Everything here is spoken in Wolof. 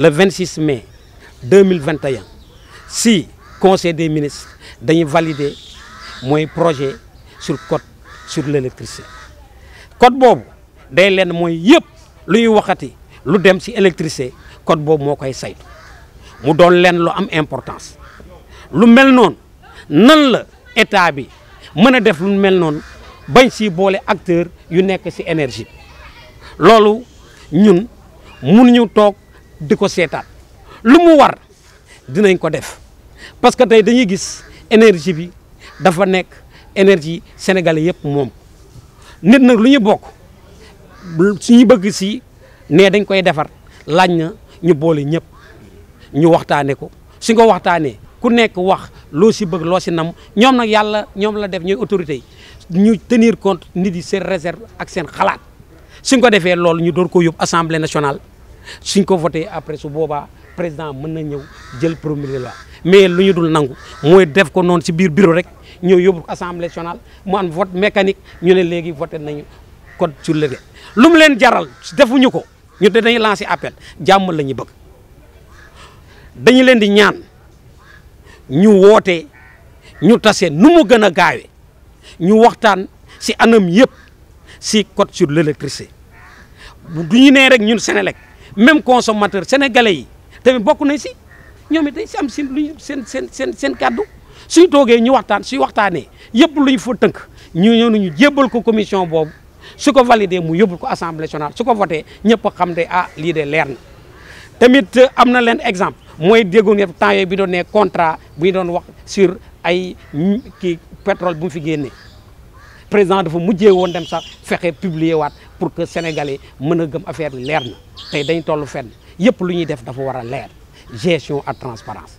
le 26 mai 2021 si conseil des ministres dañuy valider mooy projet sur code sur l'électricité code boobu day leen mooy yëpp lu le waxati lu dem ci électricité code boobu moo saytu mu doon leen lu am importance lu mel non nan la état bi mën def lu mel non, bañ ci acteur yu nek ci énergie loolu ñun mënuñu di ko seetaan lu mu war dinañ ko def parce que tey dañuy gis énergie bi dafa nekk énergie sénégalais yëpp moom nit nag lu ñu bokk suñu bëgg si ne dañ koy defar laaj na ñu boole ñëpp ñu waxtaane ko su nga waxtaanee ku nekk wax loo si bëgg loo si nam ñoom nag yàlla ñoom la def ñooy autorité yi ñu tenir compte nit yi seen réserve ak seen xalaat su nga ko defee loolu ñu door ko yóbbu assemblée nationale suñ ko voté après su boobaa président mën na ñëw jël promulguer loi mais lu ñu dul nangu mooy def ko noonu si biir bureau rek ñëw yóbbu assemblée nationale mu am vote mécanique ñu ne léegi voté nañu code sur le lu mu leen jaral defuñu ko ñu te dañuy lancé appel jàmm la ñu bëgg dañu leen di ñaan ñu woote ñu tase nu mu gën a gaawee ñu waxtaan si anam yëpp si code sur l' électricité du ñu nee rek ñun Senelec même consommateurs sénégalais tamit bokku na si ñoom it dañ si am si un sen sen cadeau ñu waxtaan ñu ko commission boobu su ko mu ko assemblée nationale su ko voté a xam de ah li de leer tamit amna len exemple vous y ngeen temps bi ne contrat bu wax sur ay ki pétrole bu président dafa mujjee woon dem sax fexe publier waat pour que sénégalais mën gëm affaire bi leer na le dañ Il fenn yëpp lu def dafa war gestion à transparence